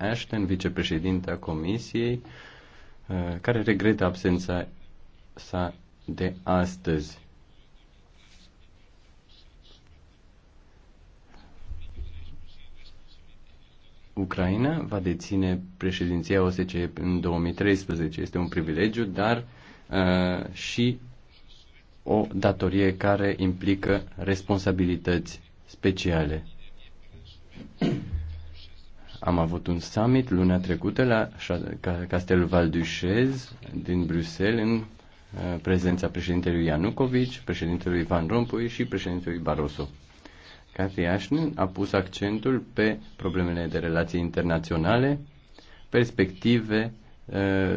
Ashton, vicepreședinta Comisiei, uh, care regretă absența sa de astăzi. Ucraina va deține președinția OSCE în 2013. Este un privilegiu, dar uh, și o datorie care implică responsabilități speciale. Am avut un summit luna trecută la Castelul Valdușez din Bruxelles în uh, prezența președintelui Ianucovici, președintelui Van Rompuy și președintelui Barroso. Cathy Ashton a pus accentul pe problemele de relații internaționale, perspective uh,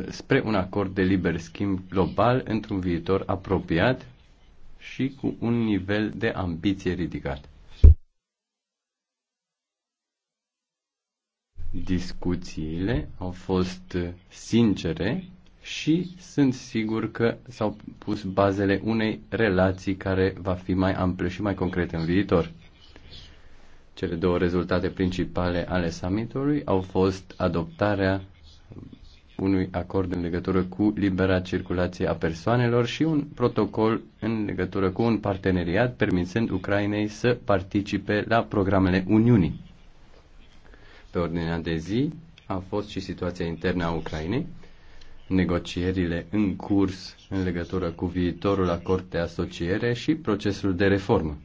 spre un acord de liber schimb global într-un viitor apropiat și cu un nivel de ambiție ridicat. Discuțiile au fost sincere și sunt sigur că s-au pus bazele unei relații care va fi mai amplă și mai concretă în viitor. Cele două rezultate principale ale summitului au fost adoptarea unui acord în legătură cu libera circulație a persoanelor și un protocol în legătură cu un parteneriat permisând Ucrainei să participe la programele Uniunii pe ordinea de zi a fost și situația internă a Ucrainei, negocierile în curs în legătură cu viitorul acord de asociere și procesul de reformă.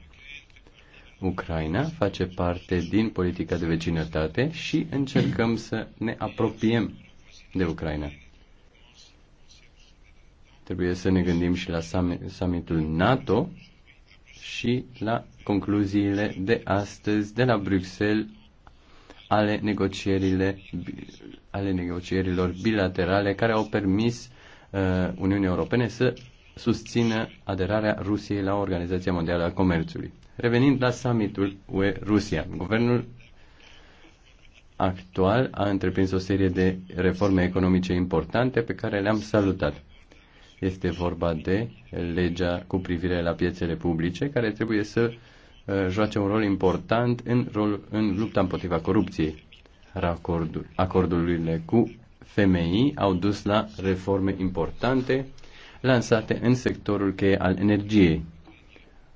Ucraina face parte din politica de vecinătate și încercăm să ne apropiem de Ucraina. Trebuie să ne gândim și la summitul NATO și la concluziile de astăzi de la Bruxelles ale, negocierile, ale negocierilor bilaterale care au permis uh, Uniunii Europene să susțină aderarea Rusiei la Organizația Mondială a Comerțului. Revenind la summitul UE-Rusia, guvernul actual a întreprins o serie de reforme economice importante pe care le-am salutat. Este vorba de legea cu privire la piețele publice care trebuie să uh, Uh, joace un rol important în, rol, în lupta împotriva corupției. Racordul, acordurile cu femei au dus la reforme importante lansate în sectorul cheie al energiei.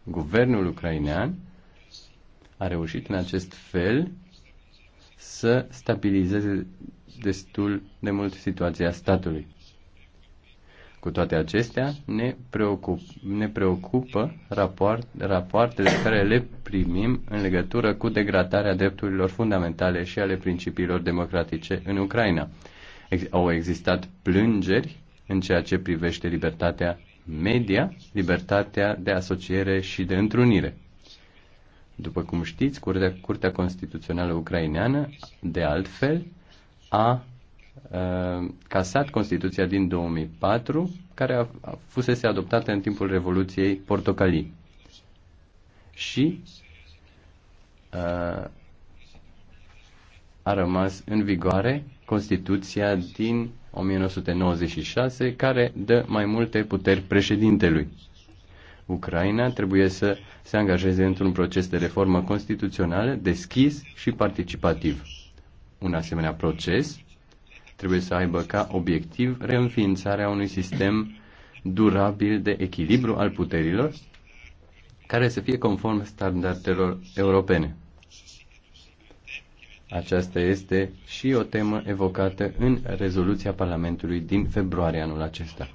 Guvernul ucrainean a reușit în acest fel să stabilizeze destul de mult situația statului. Cu toate acestea, ne, preocup, ne preocupă rapoart, rapoartele care le primim în legătură cu degradarea drepturilor fundamentale și ale principiilor democratice în Ucraina. Ex- au existat plângeri în ceea ce privește libertatea media, libertatea de asociere și de întrunire. După cum știți, Curtea, Curtea Constituțională Ucraineană, de altfel, a Uh, casat Constituția din 2004, care a, a fusese adoptată în timpul Revoluției Portocalii. Și a, uh, a rămas în vigoare Constituția din 1996, care dă mai multe puteri președintelui. Ucraina trebuie să se angajeze într-un proces de reformă constituțională deschis și participativ. Un asemenea proces trebuie să aibă ca obiectiv reînființarea unui sistem durabil de echilibru al puterilor care să fie conform standardelor europene. Aceasta este și o temă evocată în rezoluția Parlamentului din februarie anul acesta.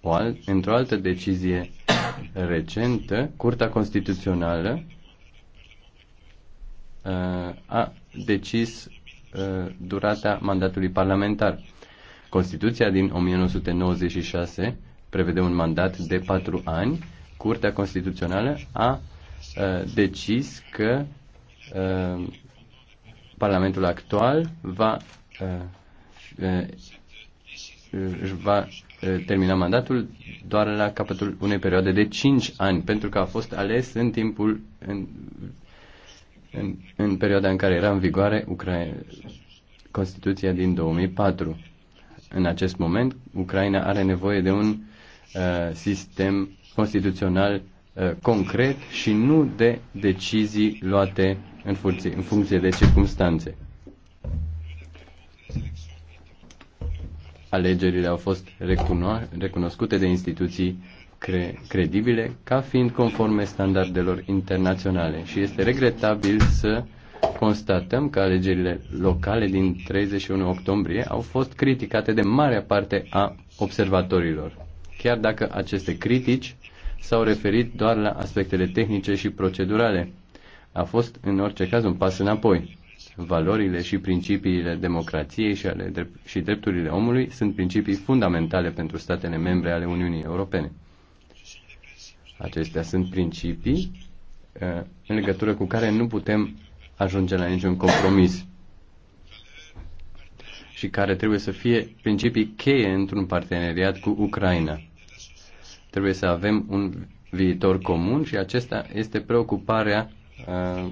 O al- într-o altă decizie recentă, Curtea Constituțională uh, a decis Uh, durata mandatului parlamentar. Constituția din 1996 prevede un mandat de patru ani. Curtea Constituțională a uh, decis că uh, Parlamentul actual va va termina mandatul doar la capătul unei perioade de 5 ani, pentru că a fost ales în timpul în, în, în perioada în care era în vigoare Ucra- Constituția din 2004. În acest moment, Ucraina are nevoie de un uh, sistem constituțional uh, concret și nu de decizii luate în funcție, în funcție de circumstanțe. Alegerile au fost recuno- recunoscute de instituții cre- credibile ca fiind conforme standardelor internaționale și este regretabil să constatăm că alegerile locale din 31 octombrie au fost criticate de marea parte a observatorilor, chiar dacă aceste critici s-au referit doar la aspectele tehnice și procedurale. A fost în orice caz un pas înapoi. Valorile și principiile democrației și, ale drept- și drepturile omului sunt principii fundamentale pentru statele membre ale Uniunii Europene. Acestea sunt principii uh, în legătură cu care nu putem ajunge la niciun compromis și care trebuie să fie principii cheie într-un parteneriat cu Ucraina. Trebuie să avem un viitor comun și acesta este preocuparea uh,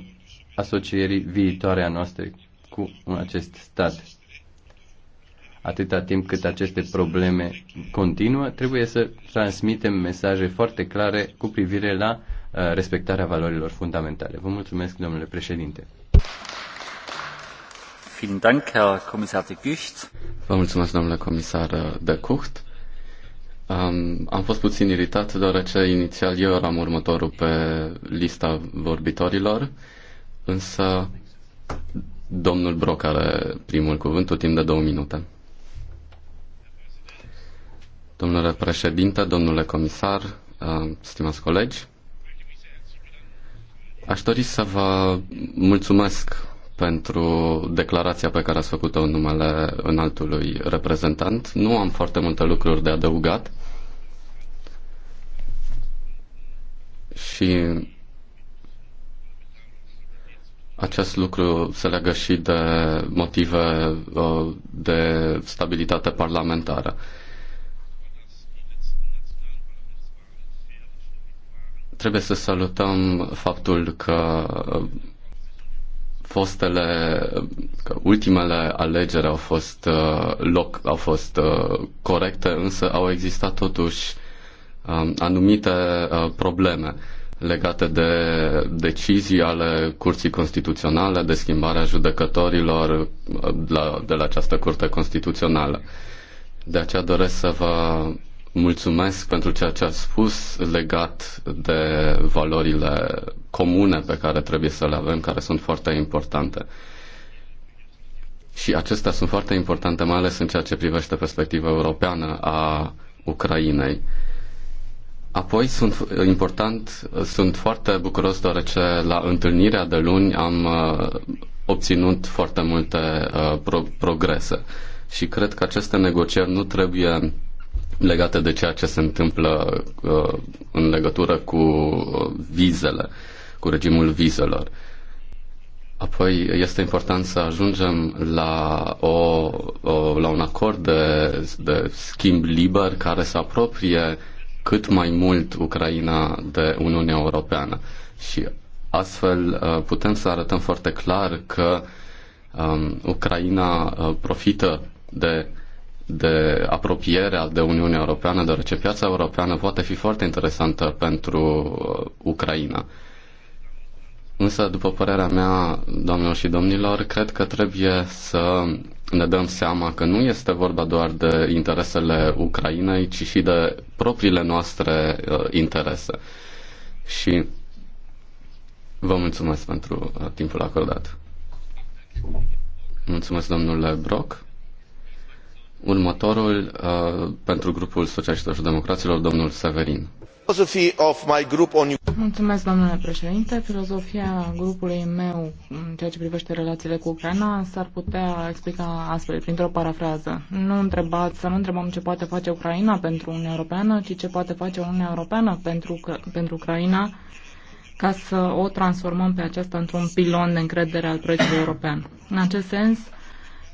asocierii viitoare a noastre cu acest stat. Atâta timp cât aceste probleme continuă, trebuie să transmitem mesaje foarte clare cu privire la uh, respectarea valorilor fundamentale. Vă mulțumesc, domnule președinte. Vă mulțumesc, domnule comisar de Cucht. Um, am fost puțin iritat, deoarece inițial eu eram următorul pe lista vorbitorilor, însă domnul Broc are primul cuvânt, timp de două minute. Domnule președinte, domnule comisar, uh, stimați colegi, aș dori să vă mulțumesc pentru declarația pe care ați făcut-o în numele înaltului reprezentant. Nu am foarte multe lucruri de adăugat și acest lucru se leagă și de motive uh, de stabilitate parlamentară. Trebuie să salutăm faptul că uh, fostele, că ultimele alegeri au fost uh, loc, au fost uh, corecte, însă au existat totuși um, anumite probleme legate de decizii ale Curții Constituționale, de schimbarea judecătorilor de la această Curte Constituțională. De aceea doresc să vă mulțumesc pentru ceea ce ați spus legat de valorile comune pe care trebuie să le avem, care sunt foarte importante. Și acestea sunt foarte importante, mai ales în ceea ce privește perspectiva europeană a Ucrainei. Apoi sunt important, sunt foarte bucuros deoarece la întâlnirea de luni am uh, obținut foarte multe uh, pro- progrese. Și cred că aceste negocieri nu trebuie legate de ceea ce se întâmplă uh, în legătură cu uh, vizele, cu regimul vizelor. Apoi este important să ajungem la, o, o, la un acord de, de schimb liber care să apropie cât mai mult Ucraina de Uniunea Europeană. Și astfel uh, putem să arătăm foarte clar că um, Ucraina uh, profită de de apropiere de Uniunea Europeană, deoarece piața europeană poate fi foarte interesantă pentru uh, Ucraina. Însă, după părerea mea, doamnelor și domnilor, cred că trebuie să ne dăm seama că nu este vorba doar de interesele Ucrainei, ci și de propriile noastre uh, interese. Și vă mulțumesc pentru uh, timpul acordat. Mulțumesc, domnule Brock. Următorul uh, pentru grupul Socialiștilor și Democraților, domnul Severin. Mulțumesc, domnule președinte. Filozofia grupului meu în ceea ce privește relațiile cu Ucraina s-ar putea explica astfel, printr-o parafrază. Nu întrebați, să nu întrebăm ce poate face Ucraina pentru Uniunea Europeană, ci ce poate face Uniunea Europeană pentru, pentru Ucraina ca să o transformăm pe aceasta într-un pilon de încredere al proiectului european. În acest sens,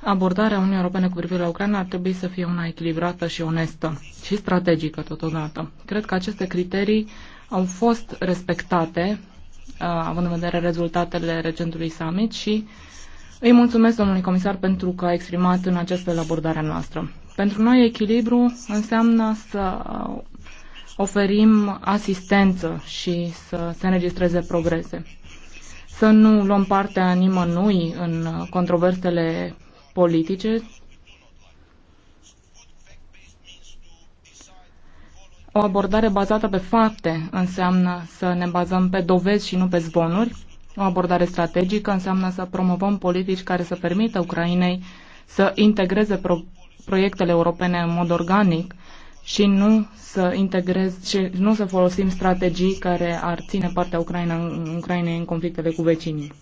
abordarea Uniunii Europene cu privire la Ucraina ar trebui să fie una echilibrată și onestă și strategică totodată. Cred că aceste criterii au fost respectate, uh, având în vedere rezultatele recentului summit și îi mulțumesc domnului comisar pentru că a exprimat în acest fel abordarea noastră. Pentru noi echilibru înseamnă să uh, oferim asistență și să se înregistreze progrese să nu luăm partea nimănui în uh, controversele politice O abordare bazată pe fapte înseamnă să ne bazăm pe dovezi și nu pe zvonuri. O abordare strategică înseamnă să promovăm politici care să permită Ucrainei să integreze pro- proiectele europene în mod organic și nu să integrez, și nu să folosim strategii care ar ține partea Ucrainei în conflictele cu vecinii.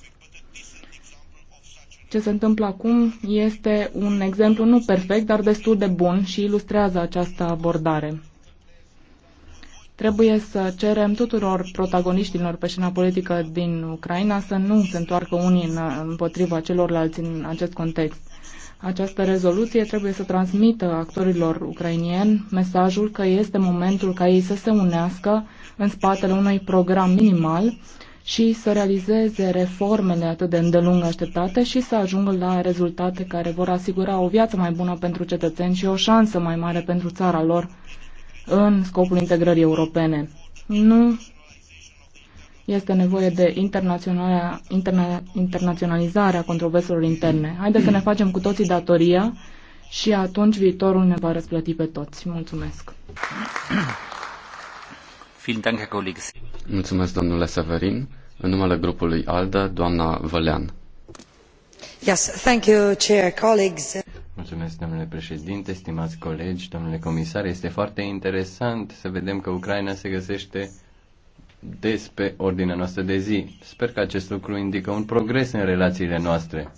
Ce se întâmplă acum este un exemplu nu perfect, dar destul de bun și ilustrează această abordare. Trebuie să cerem tuturor protagoniștilor pe scena politică din Ucraina să nu se întoarcă unii în, împotriva celorlalți în acest context. Această rezoluție trebuie să transmită actorilor ucrainieni mesajul că este momentul ca ei să se unească în spatele unui program minimal și să realizeze reformele atât de îndelung așteptate și să ajungă la rezultate care vor asigura o viață mai bună pentru cetățeni și o șansă mai mare pentru țara lor în scopul integrării europene. Nu este nevoie de interna, internaționalizarea controverselor interne. Haideți să ne facem cu toții datoria și atunci viitorul ne va răsplăti pe toți. Mulțumesc! Mulțumesc, domnule Severin. În numele grupului ALDE, doamna Vălean. Yes, thank you, chair, colleagues. Mulțumesc, domnule președinte, stimați colegi, domnule comisar. Este foarte interesant să vedem că Ucraina se găsește des pe ordinea noastră de zi. Sper că acest lucru indică un progres în relațiile noastre.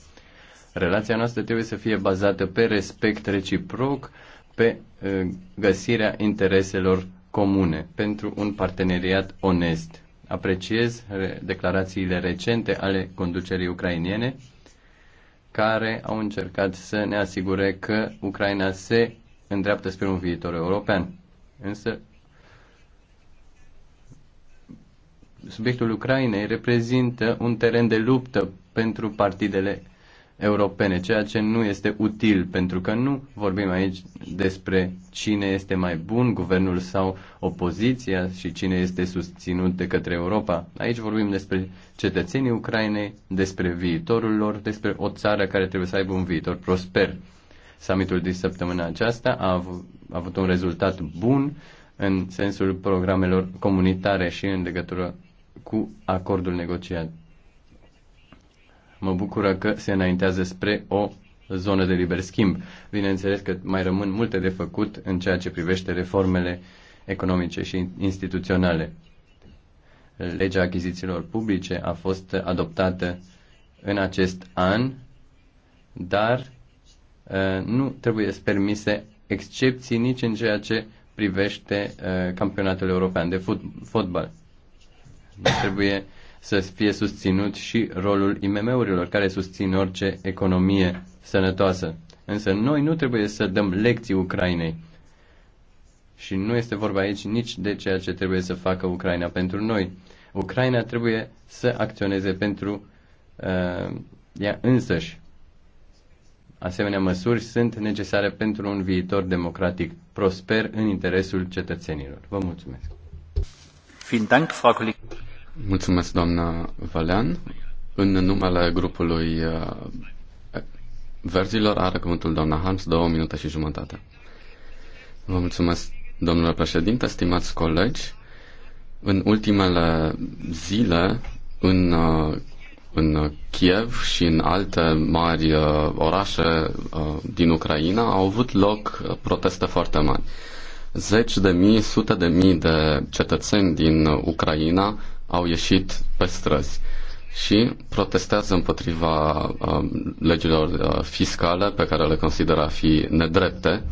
Relația noastră trebuie să fie bazată pe respect reciproc, pe uh, găsirea intereselor comune pentru un parteneriat onest. Apreciez declarațiile recente ale conducerii ucrainiene care au încercat să ne asigure că Ucraina se îndreaptă spre un viitor european. Însă, subiectul Ucrainei reprezintă un teren de luptă pentru partidele europene, ceea ce nu este util, pentru că nu vorbim aici despre cine este mai bun, guvernul sau opoziția și cine este susținut de către Europa. Aici vorbim despre cetățenii Ucrainei, despre viitorul lor, despre o țară care trebuie să aibă un viitor prosper. Summitul din săptămâna aceasta a avut, un rezultat bun în sensul programelor comunitare și în legătură cu acordul negociat Mă bucură că se înaintează spre o zonă de liber schimb. Bineînțeles că mai rămân multe de făcut în ceea ce privește reformele economice și instituționale. Legea achizițiilor publice a fost adoptată în acest an, dar uh, nu trebuie să permise excepții nici în ceea ce privește uh, campionatul european de fotbal. Nu trebuie să fie susținut și rolul IMM-urilor care susțin orice economie sănătoasă. Însă noi nu trebuie să dăm lecții Ucrainei. Și nu este vorba aici nici de ceea ce trebuie să facă Ucraina pentru noi. Ucraina trebuie să acționeze pentru uh, ea însăși. Asemenea măsuri sunt necesare pentru un viitor democratic prosper în interesul cetățenilor. Vă mulțumesc. Vielen Dank, Frau Kollegin. Mulțumesc, doamna Valean. În numele grupului uh, Verzilor are cuvântul doamna Hans, două minute și jumătate. Vă mulțumesc, domnule președinte, stimați colegi. În ultimele zile, în, uh, în Kiev și în alte mari uh, orașe din Ucraina, au avut loc proteste foarte mari zeci de mii, sute de mii de cetățeni din Ucraina au ieșit pe străzi și protestează împotriva um, legilor uh, fiscale pe care le consideră a fi nedrepte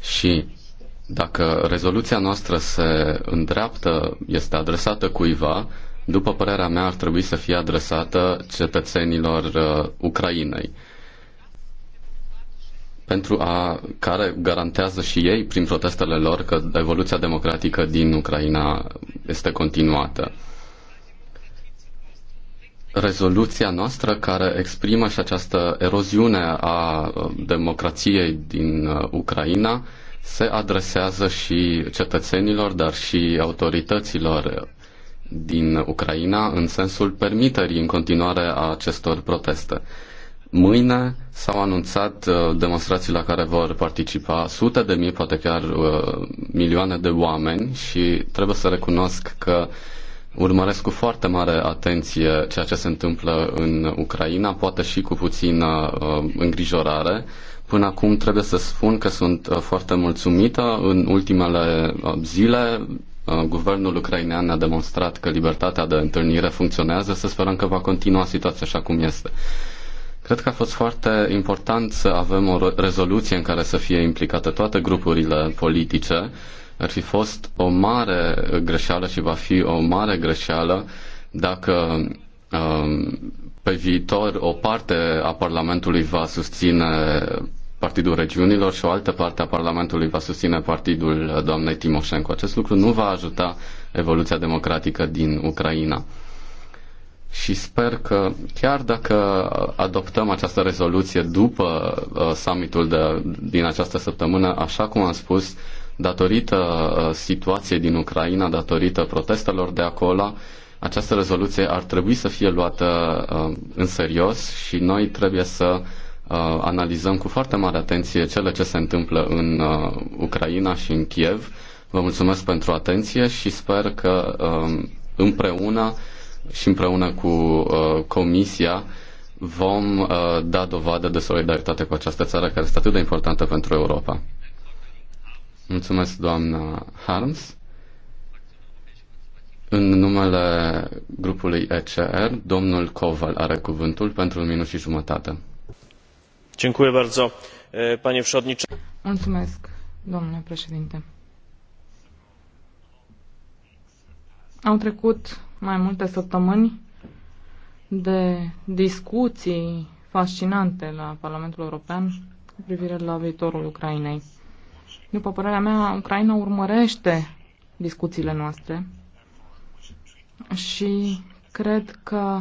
și dacă rezoluția noastră se îndreaptă, este adresată cuiva, după părerea mea ar trebui să fie adresată cetățenilor uh, Ucrainei pentru a, care garantează și ei prin protestele lor că evoluția democratică din Ucraina este continuată. Rezoluția noastră care exprimă și această eroziune a uh, democrației din uh, Ucraina se adresează și cetățenilor, dar și autorităților din Ucraina în sensul permiterii în continuare a acestor proteste. Mâine s-au anunțat uh, demonstrații la care vor participa sute de mii, poate chiar uh, milioane de oameni și trebuie să recunosc că urmăresc cu foarte mare atenție ceea ce se întâmplă în Ucraina, poate și cu puțină uh, îngrijorare. Până acum trebuie să spun că sunt foarte mulțumită. În ultimele zile guvernul ucrainean a demonstrat că libertatea de întâlnire funcționează. Să sperăm că va continua situația așa cum este. Cred că a fost foarte important să avem o rezoluție în care să fie implicate toate grupurile politice. Ar fi fost o mare greșeală și va fi o mare greșeală dacă um, pe viitor o parte a Parlamentului va susține Partidul Regiunilor și o altă parte a Parlamentului va susține Partidul doamnei Timoșenko. Acest lucru nu va ajuta evoluția democratică din Ucraina și sper că chiar dacă adoptăm această rezoluție după uh, summitul de, din această săptămână, așa cum am spus, datorită uh, situației din Ucraina, datorită protestelor de acolo, această rezoluție ar trebui să fie luată uh, în serios și noi trebuie să analizăm cu foarte mare atenție cele ce se întâmplă în Ucraina și în Kiev. Vă mulțumesc pentru atenție și sper că împreună și împreună cu uh, Comisia vom uh, da dovadă de solidaritate cu această țară care este atât de importantă pentru Europa. Mulțumesc, doamna Harms. În numele grupului ECR, domnul Koval are cuvântul pentru un minut și jumătate. Dziękuję bardzo, panie przewodniczący. Mulțumesc, domnule președinte. Au trecut mai multe săptămâni de discuții fascinante la Parlamentul European cu privire la viitorul Ucrainei. După părerea mea, Ucraina urmărește discuțiile noastre și cred că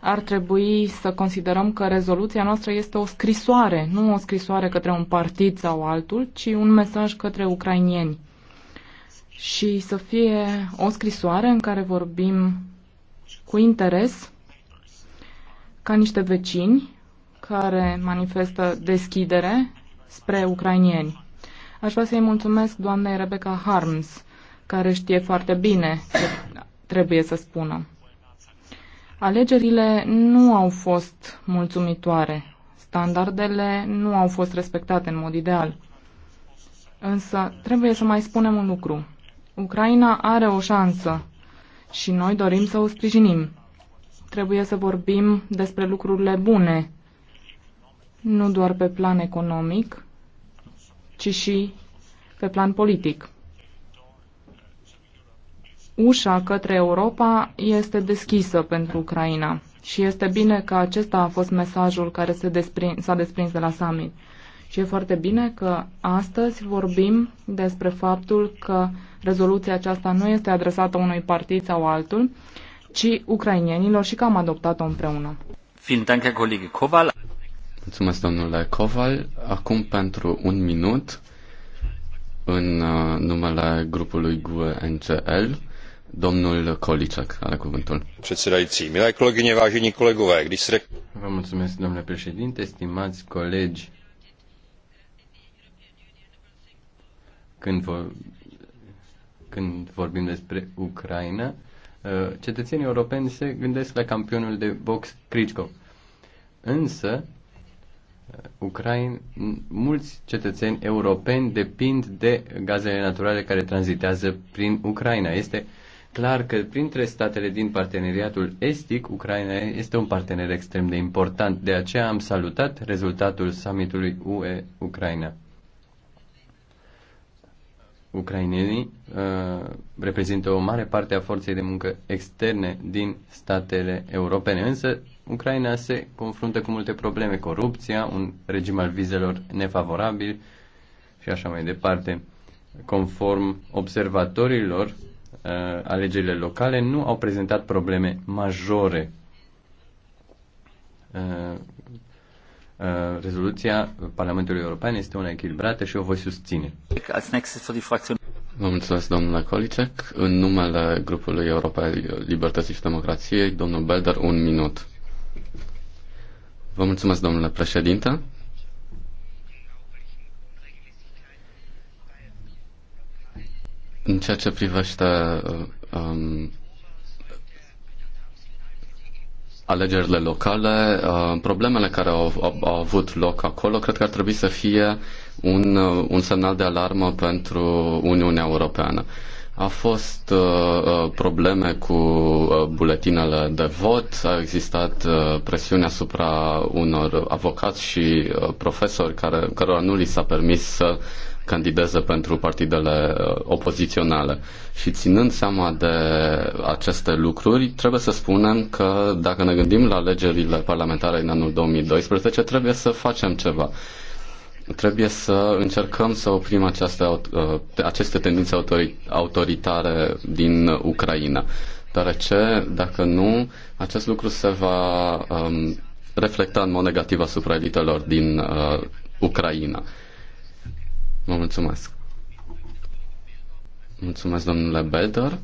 ar trebui să considerăm că rezoluția noastră este o scrisoare, nu o scrisoare către un partid sau altul, ci un mesaj către ucrainieni și să fie o scrisoare în care vorbim cu interes ca niște vecini care manifestă deschidere spre ucrainieni. Aș vrea să-i mulțumesc doamnei Rebecca Harms, care știe foarte bine ce trebuie să spună. Alegerile nu au fost mulțumitoare. Standardele nu au fost respectate în mod ideal. Însă trebuie să mai spunem un lucru. Ucraina are o șansă și noi dorim să o sprijinim. Trebuie să vorbim despre lucrurile bune, nu doar pe plan economic, ci și pe plan politic. Ușa către Europa este deschisă pentru Ucraina și este bine că acesta a fost mesajul care s-a desprins, desprins de la summit. Și e foarte bine că astăzi vorbim despre faptul că rezoluția aceasta nu este adresată unui partid sau altul, ci ucrainienilor și că am adoptat-o împreună. Mulțumesc, domnule Coval. Acum, pentru un minut, în uh, numele grupului GUE-NCL, domnul Kolicek are cuvântul. Vă mulțumesc, domnule președinte, stimați colegi. Când, vor, când vorbim despre Ucraina, uh, cetățenii europeni se gândesc la campionul de box Klitschko. Însă, uh, Ucraina, mulți cetățeni europeni depind de gazele naturale care tranzitează prin Ucraina. Este clar că printre statele din parteneriatul estic, Ucraina este un partener extrem de important. De aceea am salutat rezultatul summitului UE-Ucraina ucrainenii uh, reprezintă o mare parte a forței de muncă externe din statele europene, însă Ucraina se confruntă cu multe probleme, corupția, un regim al vizelor nefavorabil și așa mai departe. Conform observatorilor, uh, alegerile locale nu au prezentat probleme majore. Uh, Uh, rezoluția Parlamentului European este una echilibrată și o voi susține. Vă mulțumesc, domnule Kolicek. În numele grupului Europei Libertății și Democrației, domnul Belder, un minut. Vă mulțumesc, domnule președinte. În ceea ce privește uh, um, alegerile locale, uh, problemele care au, au, au avut loc acolo, cred că ar trebui să fie un, uh, un semnal de alarmă pentru Uniunea Europeană. A fost uh, uh probleme cu buletinele de vot, a existat uh, presiune asupra unor avocați și uh, profesori care, cărora nu li s-a permis să candideze pentru partidele uh, opoziționale. Și ținând seama de aceste lucruri, trebuie să spunem că dacă ne gândim la alegerile parlamentare în anul 2012, trebuie să facem ceva. Trebuie să încercăm să oprim aceste uh, aceste tendințe autoritare din Ucraina. Deoarece, dacă nu, acest lucru se va um, reflecta în mod negativ asupra elitelor din uh, Ucraina. Vă mulțumesc. Mulțumesc, domnule Belder.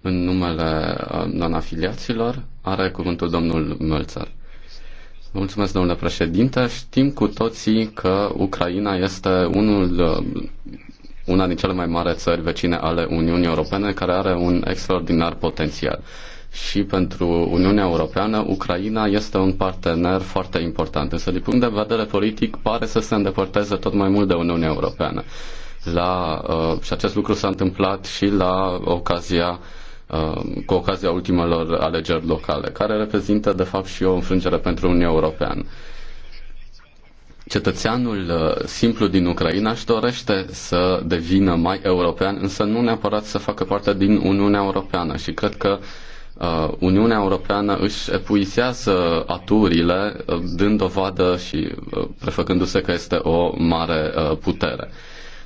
În numele uh, non-afiliaților are cuvântul domnul Mölzer. Mulțumesc, domnule președinte. Știm cu toții că Ucraina este unul, uh, una din cele mai mari țări vecine ale Uniunii Europene care are un extraordinar potențial și pentru Uniunea Europeană, Ucraina este un partener foarte important. Însă, din punct de vedere politic, pare să se îndepărteze tot mai mult de Uniunea Europeană. La, uh, și acest lucru s-a întâmplat și la ocazia uh, cu ocazia ultimelor alegeri locale, care reprezintă, de fapt, și o înfrângere pentru Uniunea Europeană cetățeanul uh, simplu din Ucraina își dorește să devină mai european, însă nu neapărat să facă parte din Uniunea Europeană și cred că Uh, Uniunea Europeană își epuizează aturile, uh, dând dovadă și uh, prefăcându-se că este o mare putere.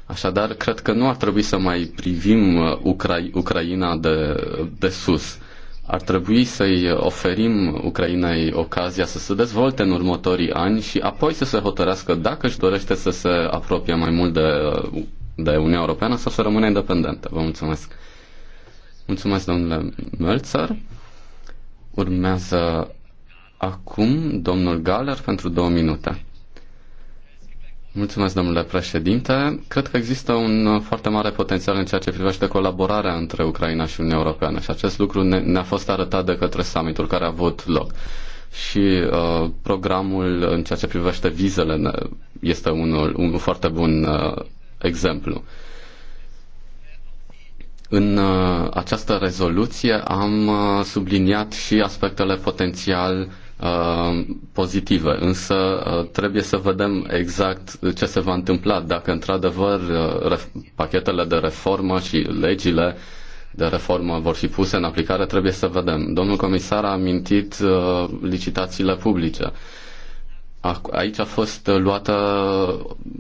Așadar, cred că nu ar trebui să mai privim Ucra- Ucraina de, de sus. Ar trebui să-i oferim Ucrainei ocazia să se dezvolte în următorii ani și apoi să se hotărească dacă își dorește să se apropie mai mult de, de Uniunea Europeană sau să rămână independentă. Vă mulțumesc! Mulțumesc, domnule Mölzer. Urmează acum domnul Galler pentru două minute. Mulțumesc, domnule președinte. Cred că există un foarte mare potențial în ceea ce privește colaborarea între Ucraina și Uniunea Europeană și acest lucru ne- ne-a fost arătat de către summitul care a avut loc. Și uh, programul în ceea ce privește vizele este unul, un foarte bun uh, exemplu. Uh, în uh, această rezoluție am uh, subliniat și aspectele potențial uh, pozitive, însă trebuie să vedem exact ce se va întâmpla dacă într-adevăr pachetele de reformă și legile de reformă vor fi puse în aplicare, trebuie să vedem. Domnul comisar a amintit licitațiile publice. Aici a fost uh, luată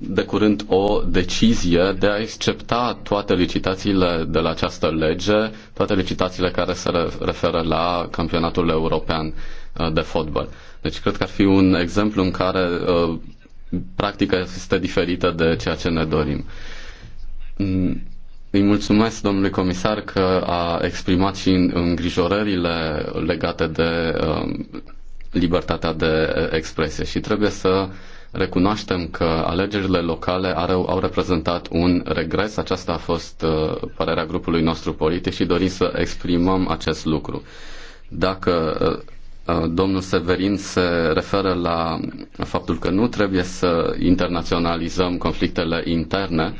de curând o decizie de a excepta toate licitațiile de la această lege, toate licitațiile care se referă la campionatul european uh, de fotbal. Deci cred că ar fi un exemplu în care uh, practica este diferită de ceea ce ne dorim. Mm, îi mulțumesc domnului comisar că a exprimat și îngrijorările legate de libertatea de expresie și trebuie să recunoaștem că alegerile locale au, au reprezentat un regres. Aceasta a fost uh, părerea grupului nostru politic și dorim să exprimăm acest lucru. Dacă uh, domnul Severin se referă la faptul că nu trebuie să internaționalizăm conflictele interne,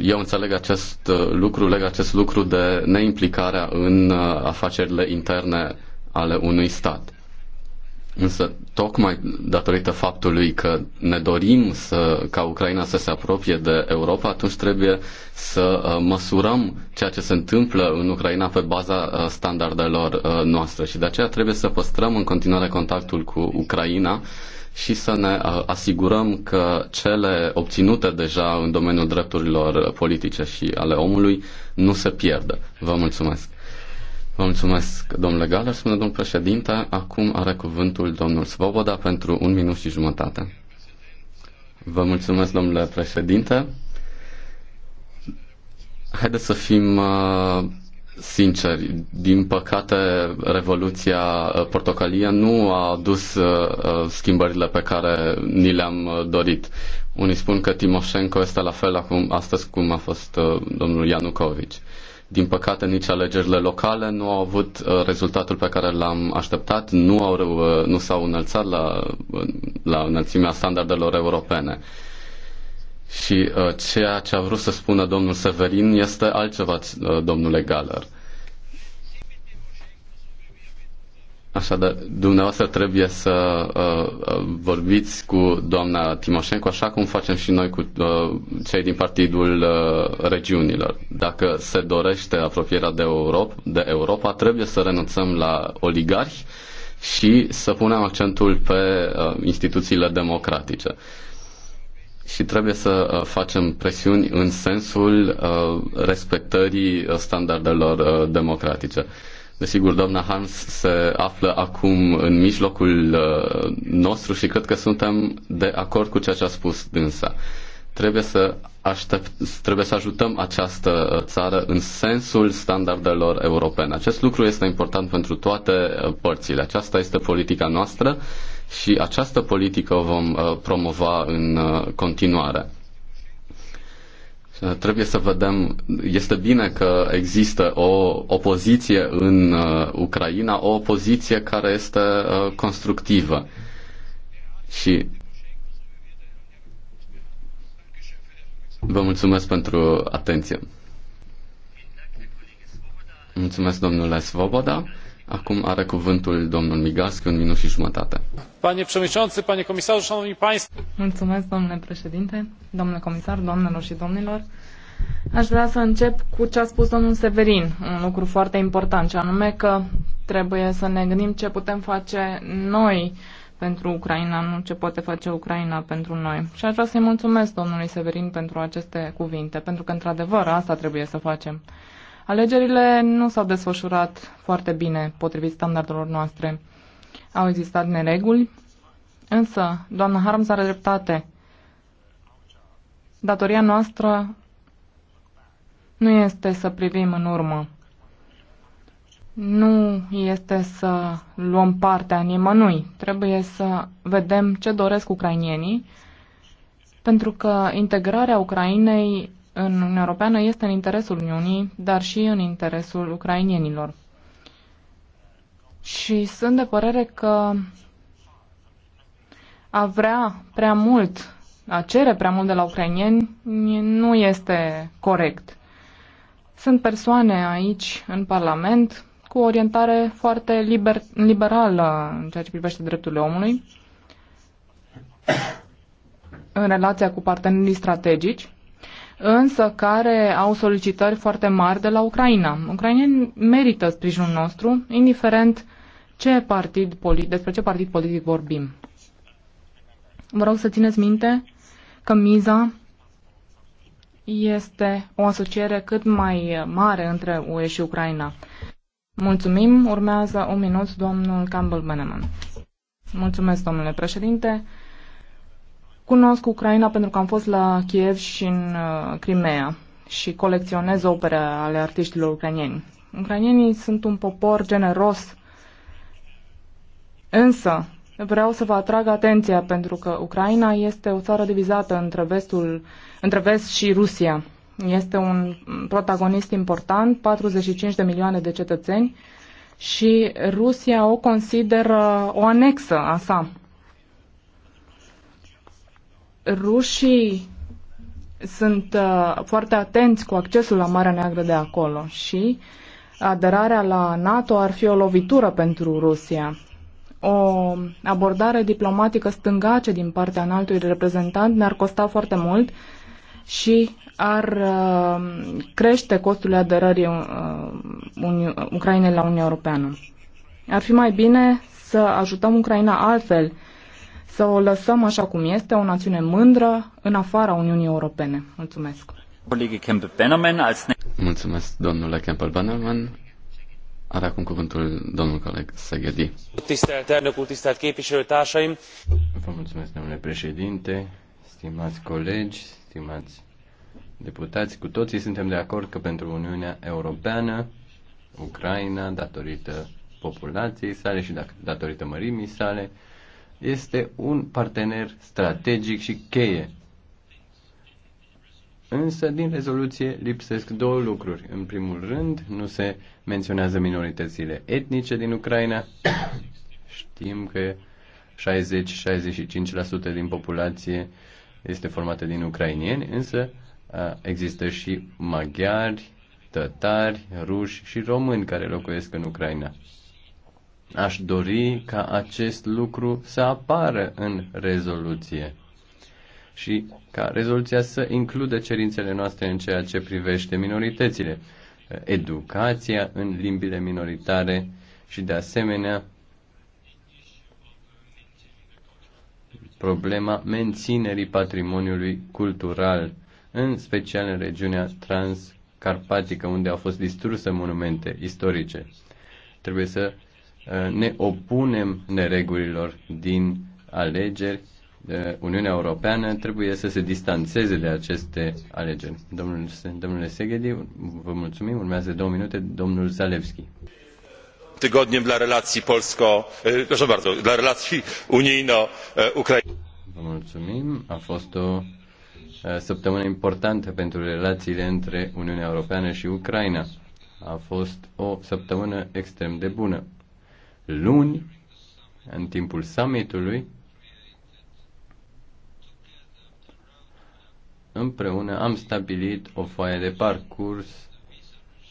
eu înțeleg acest lucru, leg acest lucru de neimplicarea în afacerile interne ale unui stat. Însă, tocmai datorită faptului că ne dorim să, ca Ucraina să se apropie de Europa, atunci trebuie să uh, măsurăm ceea ce se întâmplă în Ucraina pe baza uh, standardelor uh, noastre și de aceea trebuie să păstrăm în continuare contactul cu Ucraina și să ne asigurăm că cele obținute deja în domeniul drepturilor politice și ale omului nu se pierdă. Vă mulțumesc! Vă mulțumesc, domnule Galer. Spune domnul președinte, acum are cuvântul domnul Svoboda pentru un minut și jumătate. Vă mulțumesc, domnule președinte. Haideți să fim uh, sinceri. Din păcate, Revoluția uh, Portocalie nu a adus uh, uh, schimbările pe care ni le-am uh, dorit. Unii spun că Timoshenko este la fel acum, astăzi cum a fost uh, domnul Ianukovici. Din păcate, nici alegerile locale nu au avut uh, rezultatul pe care l-am așteptat, nu, au, uh, nu s-au înălțat la, uh, la înălțimea standardelor europene. Și ceea ce a vrut să spună domnul Severin este altceva, domnule Galer. Așa dar dumneavoastră trebuie să uh, uh vorbiți cu doamna Timoșenko, așa cum facem și noi cu uh, cei din Partidul uh, Regiunilor. Dacă se dorește apropierea de Europ- de Europa, trebuie să renunțăm la oligarhi și să punem accentul pe uh, instituțiile democratice. Și trebuie să uh, facem presiuni în sensul uh, respectării uh, standardelor uh, democratice. Uh, Desigur, doamna Hans se află acum în mijlocul uh, nostru și cred că suntem de acord cu ceea ce a spus dânsa. Trebuie să, aștept, trebuie să ajutăm această uh, țară în sensul standardelor europene. Acest lucru este important pentru toate uh, părțile. Aceasta este politica noastră și această politică o vom promova în continuare. Uh, trebuie să vedem, este bine că există o opoziție în uh, Ucraina, o opoziție care este uh, constructivă. Și vă mulțumesc pentru atenție. Mulțumesc, domnule Svoboda. Acum are cuvântul domnul Migalski, un minut și jumătate. Panie președinte, panie comisar, șanovni państwo. Mulțumesc, domnule președinte, domnule comisar, doamnelor și domnilor. Aș vrea să încep cu ce a spus domnul Severin, un lucru foarte important, și anume că trebuie să ne gândim ce putem face noi pentru Ucraina, nu ce poate face Ucraina pentru noi. Și aș vrea să-i mulțumesc domnului Severin pentru aceste cuvinte, pentru că, într-adevăr, asta trebuie să facem. Alegerile nu s-au desfășurat foarte bine potrivit standardelor noastre. Au existat nereguli, însă doamna Harms are dreptate. Datoria noastră nu este să privim în urmă. Nu este să luăm partea nimănui. Trebuie să vedem ce doresc ucrainienii, pentru că integrarea Ucrainei în Uniunea Europeană este în interesul Uniunii, dar și în interesul ucrainienilor. Și sunt de părere că a vrea prea mult, a cere prea mult de la ucrainieni nu este corect. Sunt persoane aici, în Parlament, cu orientare foarte liber, liberală în ceea ce privește drepturile omului, în relația cu partenerii strategici însă care au solicitări foarte mari de la Ucraina. Ucrainenii merită sprijinul nostru, indiferent ce partid politic, despre ce partid politic vorbim. Vă rog să țineți minte că miza este o asociere cât mai mare între UE și Ucraina. Mulțumim. Urmează un minut domnul Campbell Beneman. Mulțumesc, domnule președinte. Cunosc Ucraina pentru că am fost la Kiev și în uh, Crimea și colecționez opere ale artiștilor ucranieni. Ucranienii sunt un popor generos, însă vreau să vă atrag atenția pentru că Ucraina este o țară divizată între, vestul, între vest și Rusia. Este un protagonist important, 45 de milioane de cetățeni și Rusia o consideră o anexă a sa rușii sunt uh, foarte atenți cu accesul la Marea Neagră de acolo și aderarea la NATO ar fi o lovitură pentru Rusia. O abordare diplomatică stângace din partea înaltului reprezentant ne-ar costa foarte mult și ar uh, crește costurile aderării uh, Ucrainei la Uniunea Europeană. Ar fi mai bine să ajutăm Ucraina altfel să o lăsăm așa cum este, o națiune mândră, în afara Uniunii Europene. Mulțumesc! Mulțumesc, domnule Campbell Bannerman. Are acum cuvântul domnul coleg Seghedi. Tisztelt elnök úr, tisztelt képviselőtársaim! Vă mulțumesc, domnule președinte, stimați colegi, stimați deputați. Cu toții suntem de acord că pentru Uniunea Europeană, Ucraina, datorită populației sale și datorită mărimii sale, este un partener strategic și cheie. Însă, din rezoluție lipsesc două lucruri. În primul rând, nu se menționează minoritățile etnice din Ucraina. Știm că 60-65% din populație este formată din ucrainieni, însă există și maghiari, tătari, ruși și români care locuiesc în Ucraina. Aș dori ca acest lucru să apară în rezoluție și ca rezoluția să includă cerințele noastre în ceea ce privește minoritățile, educația în limbile minoritare și, de asemenea, problema menținerii patrimoniului cultural, în special în regiunea transcarpatică, unde au fost distruse monumente istorice. Trebuie să Uh, ne opunem neregulilor din alegeri. Uh, Uniunea Europeană trebuie să se distanțeze de aceste alegeri. Domnul, domnule Segedi, vă mulțumim. Urmează două minute domnul Zalewski. Tygodniem dla relacji polsko, proszę bardzo, dla relacji unijno-ukraińskich. Vă mulțumim. A fost o săptămână importantă pentru relațiile între Uniunea Europeană și Ucraina. A fost o săptămână extrem de bună luni, în timpul summitului, împreună am stabilit o foaie de parcurs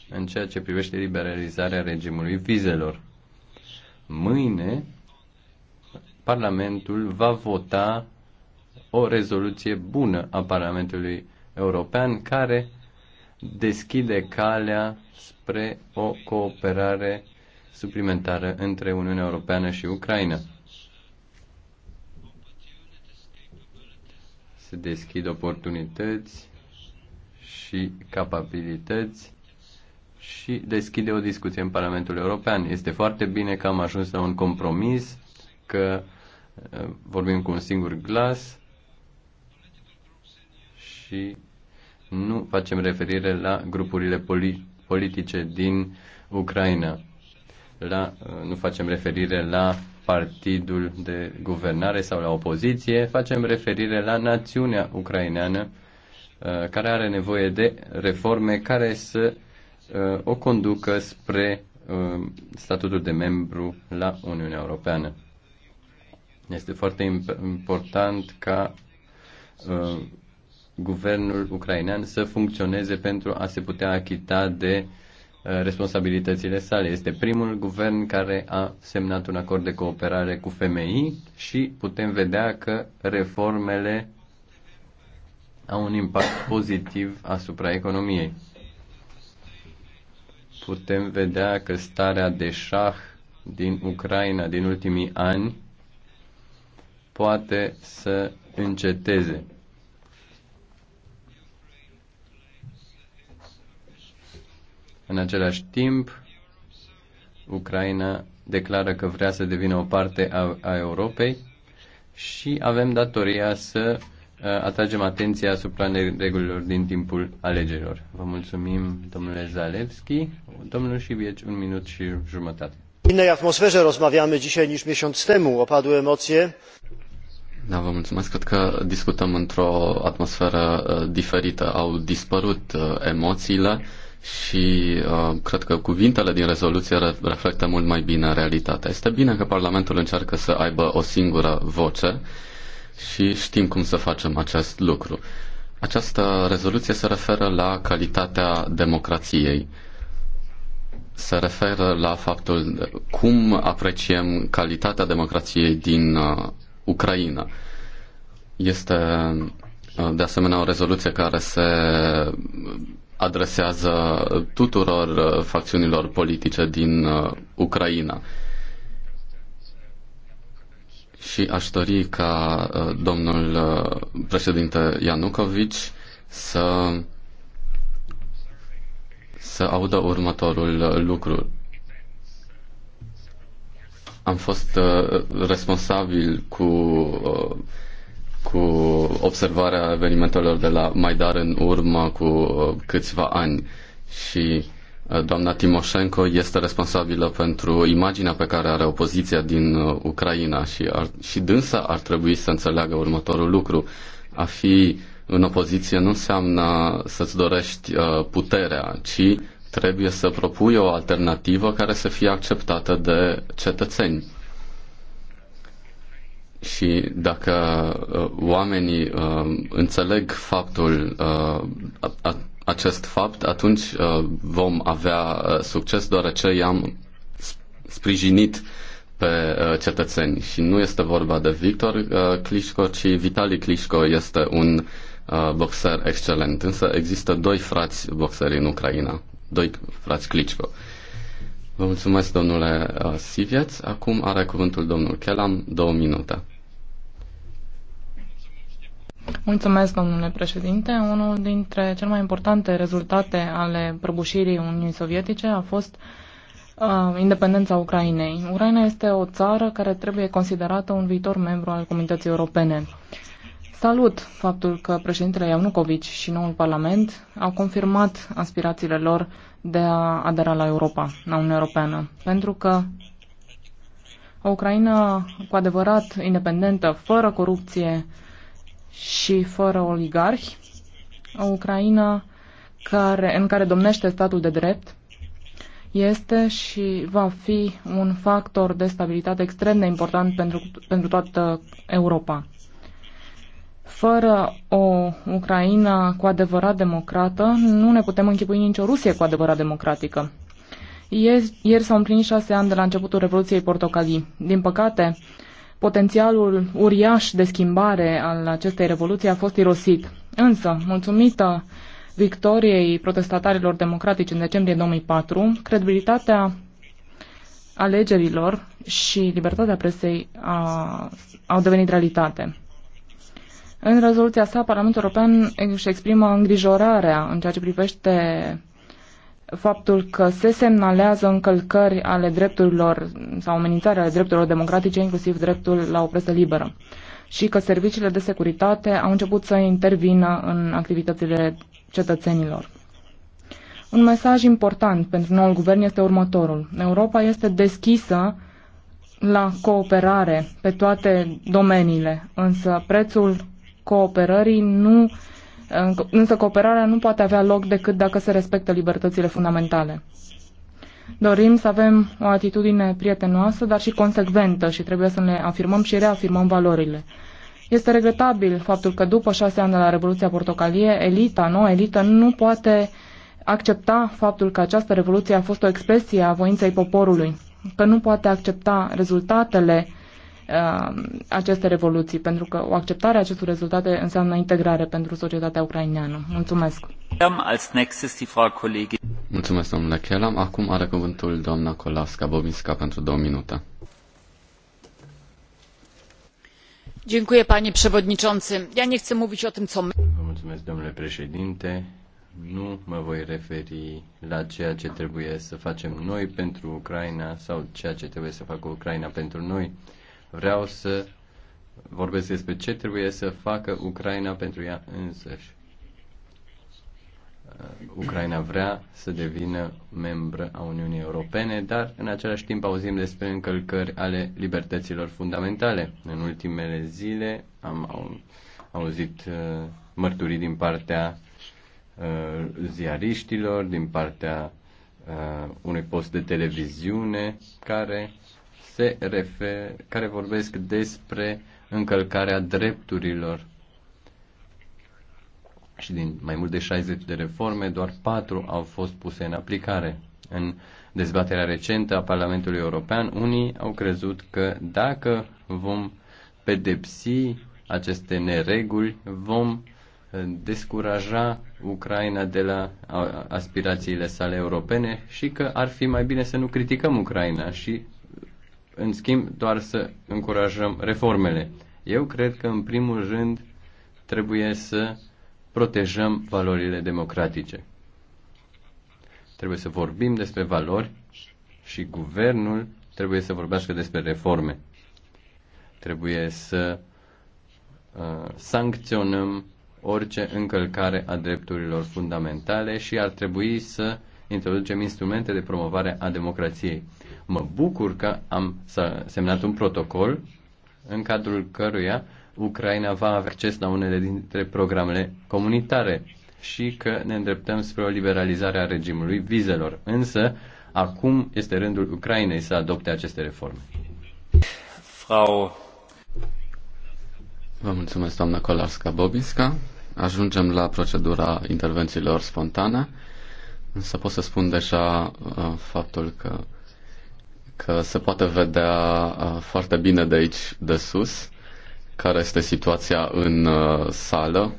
în ceea ce privește liberalizarea regimului vizelor. Mâine, Parlamentul va vota o rezoluție bună a Parlamentului European care deschide calea spre o cooperare suplimentară între Uniunea Europeană și Ucraina. Se deschid oportunități și capabilități și deschide o discuție în Parlamentul European. Este foarte bine că am ajuns la un compromis, că uh, vorbim cu un singur glas și nu facem referire la grupurile politice din Ucraina la, nu facem referire la partidul de guvernare sau la opoziție, facem referire la națiunea ucraineană uh, care are nevoie de reforme care să uh, o conducă spre uh, statutul de membru la Uniunea Europeană. Este foarte important ca guvernul ucrainean să funcționeze pentru a se putea achita de uh, Uh, responsabilitățile sale. Este primul guvern care a semnat un acord de cooperare cu FMI și putem vedea că reformele au un impact pozitiv asupra economiei. Putem vedea că starea de șah din Ucraina din ultimii ani poate să înceteze. În același timp, Ucraina declară că vrea să devină o parte a, a Europei și avem datoria să uh, atragem atenția asupra regulilor din timpul alegerilor. Vă mulțumim, domnule Zalewski. Domnul Șibieci, un minut și jumătate. în innej atmosferze rozmawiamy dzisiaj niż miesiąc temu. Opadły emocje. Da, vă mulțumesc. Cred că discutăm într-o atmosferă diferită. Au dispărut emoțiile și uh, cred că cuvintele din rezoluție reflectă mult mai bine realitatea. Este bine că Parlamentul încearcă să aibă o singură voce și știm cum să facem acest lucru. Această rezoluție se referă la calitatea democrației. Se referă la faptul cum apreciem calitatea democrației din uh, Ucraina. Este uh, de asemenea o rezoluție care se adresează tuturor uh, facțiunilor politice din uh, Ucraina. Și aș dori ca uh, domnul președinte Ianucovici să, să audă următorul lucru. Am fost responsabil cu cu observarea evenimentelor de la Maidar în urmă cu uh, câțiva ani și uh, doamna Timoshenko este responsabilă pentru imaginea pe care are opoziția din uh, Ucraina și, ar, și dânsa ar trebui să înțeleagă următorul lucru. A fi în opoziție nu înseamnă să-ți dorești puterea, ci trebuie să propui o alternativă care să fie acceptată de cetățeni și dacă uh, oamenii uh, înțeleg faptul uh, a, acest fapt, atunci uh, vom avea uh, succes deoarece i-am sprijinit pe uh, cetățeni. Și nu este vorba de Victor uh, Clișco, ci Vitali Clișco este un uh, boxer excelent. Însă există doi frați boxeri în Ucraina, doi frați Clișco. Uh, Vă mulțumesc, domnule uh, Sivieț. Acum are cuvântul domnul Kelam, două minute. Mulțumesc, domnule președinte. Unul dintre cele mai importante rezultate ale prăbușirii Uniunii Sovietice a fost uh, independența Ucrainei. Ucraina este o țară care trebuie considerată un viitor membru al comunității europene. Salut faptul că președintele Ianucovici și noul Parlament au confirmat aspirațiile lor de a adera la Europa, la Uniunea Europeană. Pentru că o Ucraina cu adevărat independentă, fără corupție și fără oligarhi, o Ucraina care, în care domnește statul de drept, este și va fi un factor de stabilitate extrem de important pentru, pentru toată Europa. Fără o Ucraina cu adevărat democrată, nu ne putem închipui nicio Rusie cu adevărat democratică. Ieri, s-au împlinit șase ani de la începutul Revoluției Portocalii. Din păcate, potențialul uriaș de schimbare al acestei revoluții a fost irosit. Însă, mulțumită victoriei protestatarilor democratici în decembrie 2004, credibilitatea alegerilor și libertatea presei a, au devenit realitate. În rezoluția sa, Parlamentul European își exprimă îngrijorarea în ceea ce privește faptul că se semnalează încălcări ale drepturilor sau amenințare ale drepturilor democratice, inclusiv dreptul la o presă liberă și că serviciile de securitate au început să intervină în activitățile cetățenilor. Un mesaj important pentru noul guvern este următorul. Europa este deschisă la cooperare pe toate domeniile, însă prețul cooperării nu însă cooperarea nu poate avea loc decât dacă se respectă libertățile fundamentale. Dorim să avem o atitudine prietenoasă, dar și consecventă și trebuie să ne afirmăm și reafirmăm valorile. Este regretabil faptul că după șase ani de la Revoluția Portocalie, elita, noua elită, nu poate accepta faptul că această revoluție a fost o expresie a voinței poporului, că nu poate accepta rezultatele uh, Um, aceste revoluții, pentru că o acceptare a acestor rezultate înseamnă integrare pentru societatea ucraineană. Mulțumesc! Mulțumesc, domnule Chelam. Acum are cuvântul doamna Colasca Bobinska pentru două minute. Dziękuję, panie przewodniczący. Ja nie chcę mówić o tym, co my... Mulțumesc, domnule președinte. Nu mă voi referi la ceea ce trebuie să facem noi pentru Ucraina sau ceea ce trebuie să facă Ucraina pentru noi Vreau să vorbesc despre ce trebuie să facă Ucraina pentru ea însăși. Uh, Ucraina vrea să devină membră a Uniunii Europene, dar în același timp auzim despre încălcări ale libertăților fundamentale. În ultimele zile am auzit uh, mărturii din partea uh, ziariștilor, din partea unui post de televiziune care se refer, care vorbesc despre încălcarea drepturilor. Și din mai mult de 60 de reforme, doar 4 au fost puse în aplicare. În dezbaterea recentă a Parlamentului European, unii au crezut că dacă vom pedepsi aceste nereguli, vom eh, descuraja Ucraina de la aspirațiile sale europene și că ar fi mai bine să nu criticăm Ucraina și în schimb, doar să încurajăm reformele. Eu cred că, în primul rând, trebuie să protejăm valorile democratice. Trebuie să vorbim despre valori și guvernul trebuie să vorbească despre reforme. Trebuie să uh, sancționăm orice încălcare a drepturilor fundamentale și ar trebui să introducem instrumente de promovare a democrației. Mă bucur că am semnat un protocol în cadrul căruia Ucraina va avea acces la unele dintre programele comunitare și că ne îndreptăm spre o liberalizare a regimului vizelor. Însă, acum este rândul Ucrainei să adopte aceste reforme. Frau... Vă mulțumesc, doamna kolarska Bobiska. Ajungem la procedura intervențiilor spontane, însă pot să spun deja uh, faptul că că se poate vedea foarte bine de aici, de sus, care este situația în sală.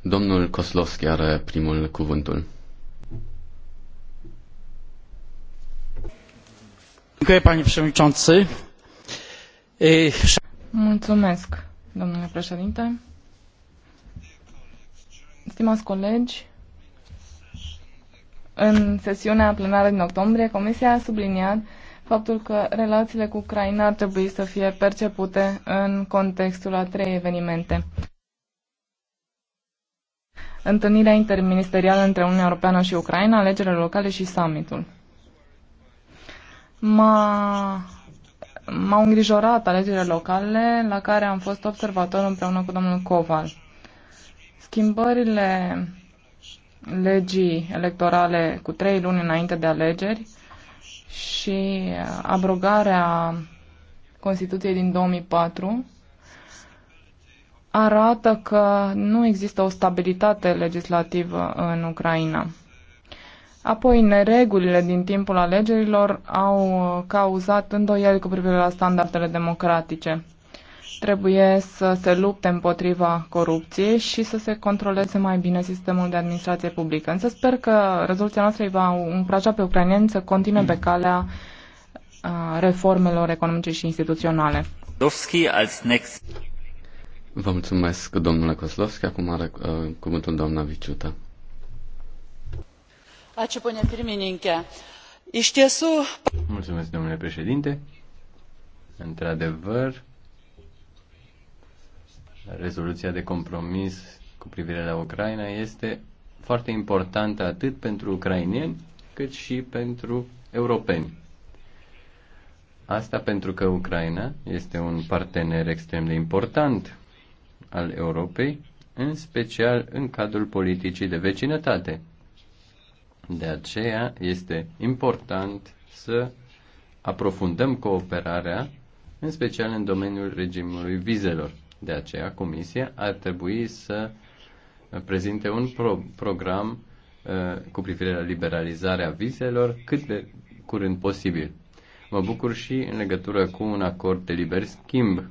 Domnul Koslovski are primul cuvântul. Mulțumesc, domnule președinte. Stimați colegi, în sesiunea plenară din octombrie, Comisia a subliniat faptul că relațiile cu Ucraina ar trebui să fie percepute în contextul a trei evenimente. Întâlnirea interministerială între Uniunea Europeană și Ucraina, alegerile locale și summitul. m au îngrijorat alegerile locale la care am fost observator împreună cu domnul Coval. Schimbările legii electorale cu trei luni înainte de alegeri și uh, abrogarea Constituției din 2004 arată că nu există o stabilitate legislativă în Ucraina. Apoi, neregulile din timpul alegerilor au uh, cauzat îndoieli cu privire la standardele democratice. Trebuie să se lupte împotriva corupției și să se controleze mai bine sistemul de administrație publică. Însă sper că rezoluția noastră îi va încuraja pe ucraineni să continue pe calea uh, reformelor economice și instituționale. Vă mulțumesc, domnule Koslovski. Acum are uh, cuvântul doamna Viciuta. Mulțumesc, domnule președinte. Într-adevăr, rezoluția de compromis cu privire la Ucraina este foarte importantă atât pentru ucrainieni cât și pentru europeni. Asta pentru că Ucraina este un partener extrem de important al Europei, în special în cadrul politicii de vecinătate. De aceea este important să aprofundăm cooperarea, în special în domeniul regimului vizelor. De aceea, Comisia ar trebui să prezinte un pro- program uh, cu privire la liberalizarea vizelor cât de curând posibil. Mă bucur și în legătură cu un acord de liber schimb.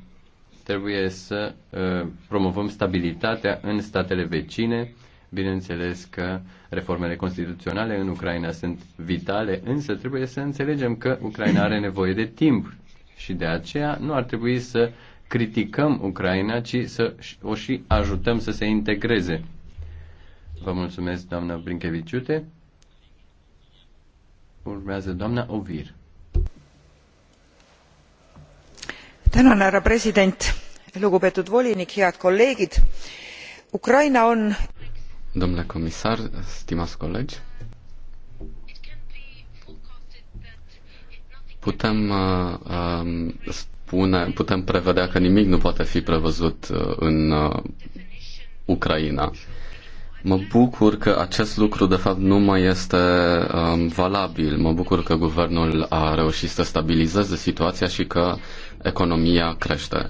Trebuie să uh, promovăm stabilitatea în statele vecine. Bineînțeles că reformele constituționale în Ucraina sunt vitale, însă trebuie să înțelegem că Ucraina are nevoie de timp și de aceea nu ar trebui să criticăm Ucraina, ci să o și ajutăm să se integreze. Vă mulțumesc, doamna Brinkeviciute. Urmează doamna Ovir. Tänan, härra president, lugupeetud volinik, head kolleegid. Ukraina on... Domnule comisar, stimați colegi, putem uh, um, spune, putem prevedea că nimic nu poate fi prevăzut uh, în uh, Ucraina. Mă bucur că acest lucru de fapt nu mai este um, valabil. Mă bucur că guvernul a reușit să stabilizeze situația și că economia crește.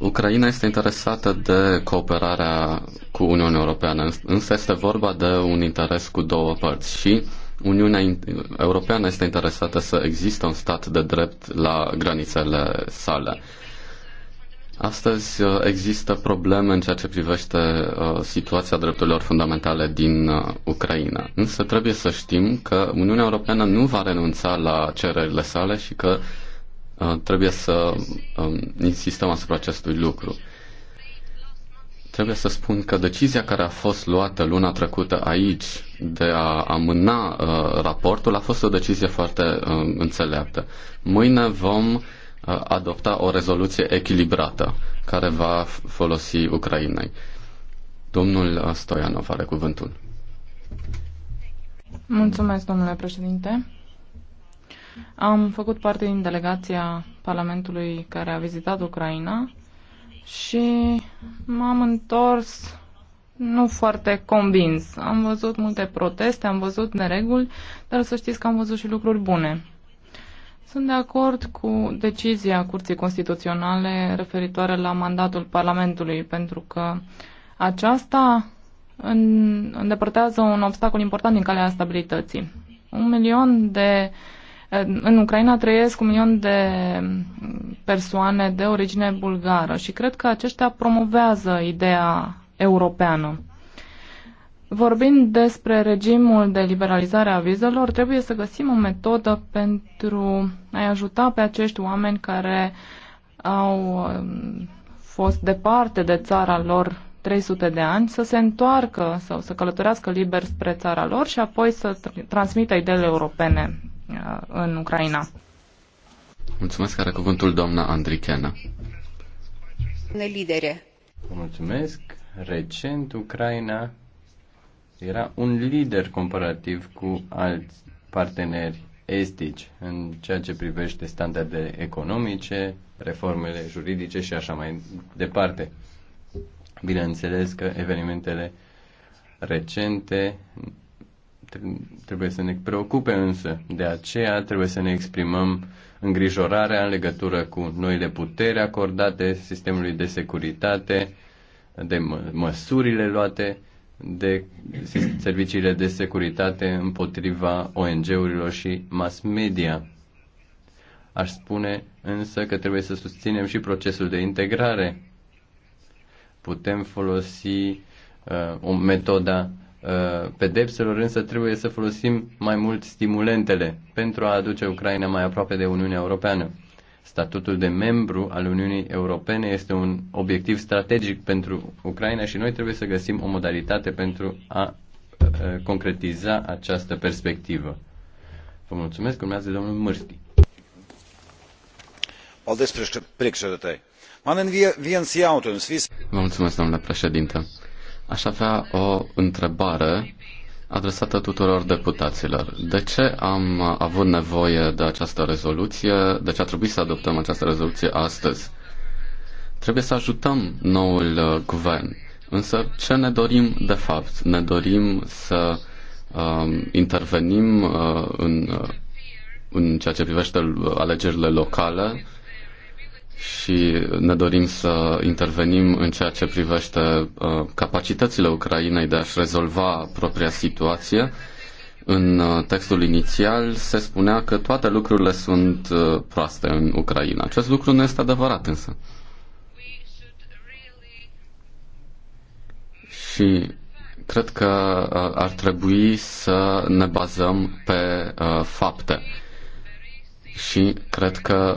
Ucraina este interesată de cooperarea cu Uniunea Europeană, însă este vorba de un interes cu două părți și uh, Uniunea Europeană este interesată să existe un stat de drept la granițele sale. Astăzi uh, există probleme în ceea ce privește uh, situația drepturilor fundamentale din uh, Ucraina. Însă trebuie să știm că Uniunea Europeană nu va renunța la cererile sale și că trebuie să um, insistăm asupra acestui lucru. Trebuie să spun că decizia care a fost luată luna trecută aici de a amâna uh, raportul a fost o decizie foarte uh, înțeleaptă. Mâine vom uh, adopta o rezoluție echilibrată care va folosi Ucrainei. Domnul uh, Stoianov are cuvântul. Mulțumesc, domnule președinte. Am făcut parte din delegația Parlamentului care a vizitat Ucraina și m-am întors nu foarte convins. Am văzut multe proteste, am văzut nereguli, dar să știți că am văzut și lucruri bune. Sunt de acord cu decizia Curții Constituționale referitoare la mandatul Parlamentului, pentru că aceasta îndepărtează un obstacol important din calea stabilității. Un milion de uh, în Ucraina trăiesc un milion de persoane de origine bulgară și cred că aceștia promovează ideea europeană. Vorbind despre regimul de liberalizare a vizelor, trebuie să găsim o metodă pentru a-i ajuta pe acești oameni care au um, fost departe de țara lor 300 de ani să se întoarcă sau să călătorească liber spre țara lor și apoi să transmită ideile europene uh, în Ucraina. Mulțumesc, are cuvântul doamna Andrichena. Lidere. Mulțumesc. Recent, Ucraina era un lider comparativ cu alți parteneri estici în ceea ce privește standarde economice, reformele juridice și așa mai departe. Bineînțeles că evenimentele recente trebuie să ne preocupe însă. De aceea trebuie să ne exprimăm îngrijorarea în legătură cu noile puteri acordate sistemului de securitate, de măsurile luate de serviciile de securitate împotriva ONG-urilor și mass media. Aș spune însă că trebuie să susținem și procesul de integrare Putem folosi uh, o metoda uh, pedepselor, însă trebuie să folosim mai mult stimulentele pentru a aduce Ucraina mai aproape de Uniunea Europeană. Statutul de membru al Uniunii Europene este un obiectiv strategic pentru Ucraina și noi trebuie să găsim o modalitate pentru a uh, concretiza această perspectivă. Vă mulțumesc, urmează domnul Mârsti. Paldies, priekšsēdētāji. Vă mulțumesc, domnule președinte. Aș avea o întrebare adresată tuturor deputaților. De ce am avut nevoie de această rezoluție? De ce a trebuit să adoptăm această rezoluție astăzi? Trebuie să ajutăm noul uh, guvern. Însă ce ne dorim de fapt? Ne dorim să uh, intervenim uh, în, uh, în ceea ce privește uh, alegerile locale și ne dorim să intervenim în ceea ce privește uh, capacitățile Ucrainei de a-și rezolva propria situație. În uh, textul inițial se spunea că toate lucrurile sunt uh, proaste în Ucraina. Acest lucru nu este adevărat însă. Și cred că ar trebui să ne bazăm pe fapte. Și cred că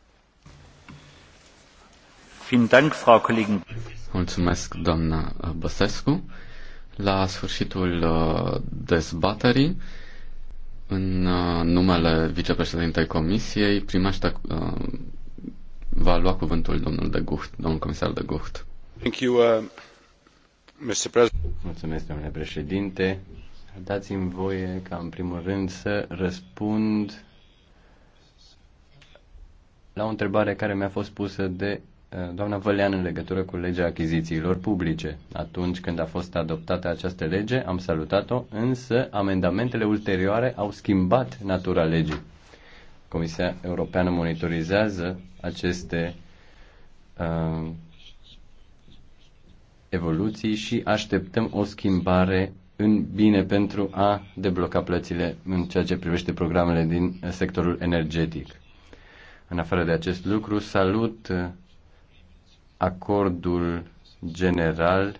Mulțumesc, doamna Băsescu. La sfârșitul uh, dezbaterii, în uh, numele vicepreședintei Comisiei, primește, uh, va lua cuvântul domnul de Gucht, domnul comisar de Gucht. Thank you, uh, Mr. President. Mulțumesc, domnule președinte. Dați-mi voie ca, în primul rând, să răspund la o întrebare care mi-a fost pusă de Eh, doamna Vălean în legătură cu legea achizițiilor publice. Atunci când a fost adoptată această lege, am salutat-o, însă amendamentele ulterioare au schimbat natura legii. Comisia Europeană monitorizează aceste uh, evoluții și așteptăm o schimbare în bine pentru a debloca plățile în ceea ce privește programele din sectorul energetic. În afară de acest lucru, salut eh, acordul general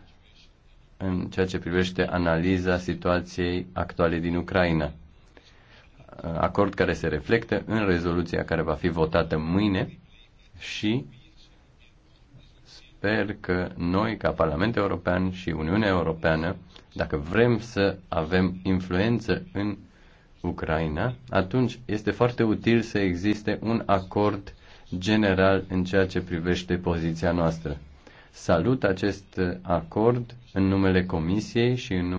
în ceea ce privește analiza situației actuale din Ucraina. Acord care se reflectă în rezoluția care va fi votată mâine și sper că noi, ca Parlament European și Uniunea Europeană, dacă vrem să avem influență în Ucraina, atunci este foarte util să existe un acord general în ceea ce privește poziția noastră. Salut acest acord în numele Comisiei și în numele